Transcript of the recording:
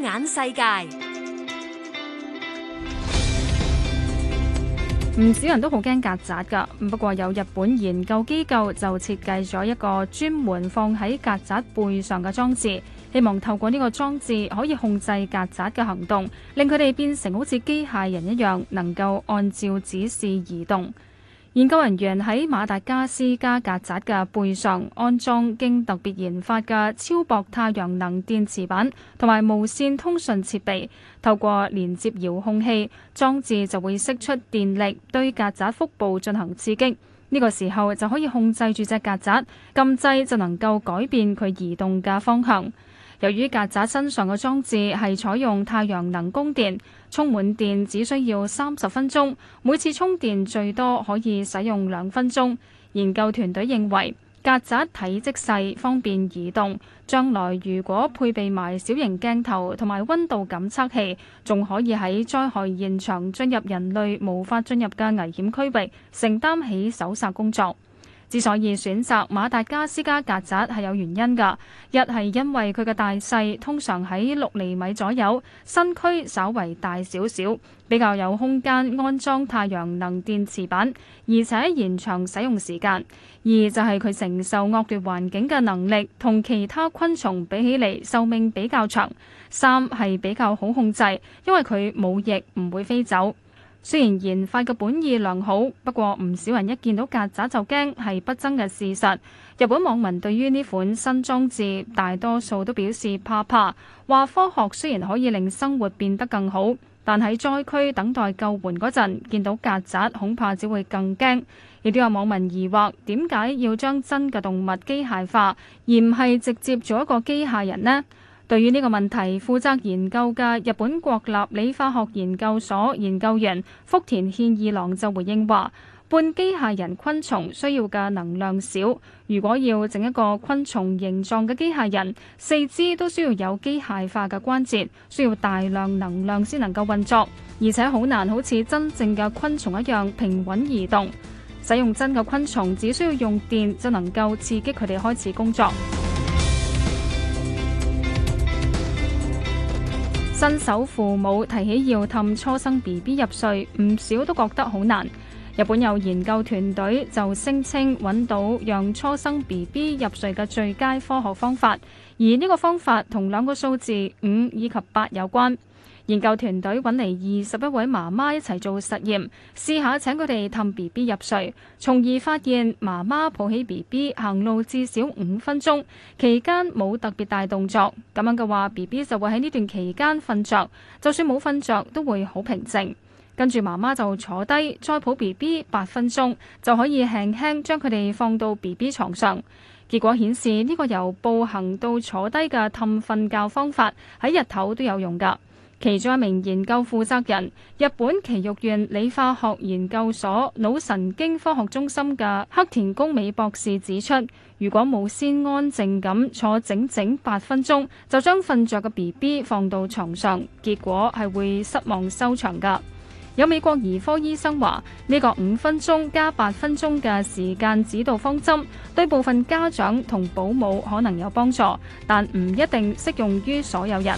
眼世界，唔少人都好驚曱甴噶。不過有日本研究機構就設計咗一個專門放喺曱甴背上嘅裝置，希望透過呢個裝置可以控制曱甴嘅行動，令佢哋變成好似機械人一樣，能夠按照指示移動。研究人員喺馬達加斯加曱甴嘅背上安裝經特別研發嘅超薄太陽能電池板，同埋無線通訊設備。透過連接遙控器，裝置就會釋出電力，對曱甴腹部進行刺激。呢個時候就可以控制住隻曱甴，撳掣就能夠改變佢移動嘅方向。由於曱甴身上嘅裝置係採用太陽能供電，充滿電只需要三十分鐘，每次充電最多可以使用兩分鐘。研究團隊認為，曱甴體積細，方便移動，將來如果配備埋小型鏡頭同埋溫度感測器，仲可以喺災害現場進入人類無法進入嘅危險區域，承擔起搜索工作。之所以選擇馬達加斯加曱甴，係有原因㗎，一係因為佢嘅大細通常喺六厘米左右，身軀稍為大少少，比較有空間安裝太陽能電池板，而且延長使用時間；二就係佢承受惡劣環境嘅能力同其他昆蟲比起嚟壽命比較長；三係比較好控制，因為佢冇翼唔會飛走。雖然研發嘅本意良好，不過唔少人一見到曱甴就驚，係不爭嘅事實。日本網民對於呢款新裝置，大多數都表示怕怕，話科學雖然可以令生活變得更好，但喺災區等待救援嗰陣，見到曱甴恐怕只會更驚。亦都有網民疑惑，點解要將真嘅動物機械化，而唔係直接做一個機械人呢？對於呢個問題，負責研究嘅日本國立理化學研究所研究員福田憲二郎就回應話：半機械人昆蟲需要嘅能量少，如果要整一個昆蟲形狀嘅機械人，四肢都需要有機械化嘅關節，需要大量能量先能夠運作，而且好難好似真正嘅昆蟲一樣平穩移動。使用真嘅昆蟲只需要用電就能夠刺激佢哋開始工作。新手父母提起要氹初生 BB 入睡，唔少都覺得好難。日本有研究團隊就聲稱揾到讓初生 BB 入睡嘅最佳科學方法，而呢個方法同兩個數字五以及八有關。研究團隊揾嚟二十一位媽媽一齊做實驗，試下請佢哋氹 BB 入睡，從而發現媽媽抱起 BB 行路至少五分鐘，期間冇特別大動作，咁樣嘅話，BB 就會喺呢段期間瞓着，就算冇瞓着都會好平靜。跟住，媽媽就坐低再抱 B B 八分鐘，就可以輕輕將佢哋放到 B B 床上。結果顯示呢個由步行到坐低嘅氹瞓覺方法喺日頭都有用噶。其中一名研究負責人，日本奇育院理化學研究所腦神經科學中心嘅黑田公美博士指出，如果冇先安靜咁坐整整八分鐘，就將瞓着嘅 B B 放到床上，結果係會失望收場噶。有美國兒科醫生話，呢個五分鐘加八分鐘嘅時間指導方針，對部分家長同保姆可能有幫助，但唔一定適用於所有人。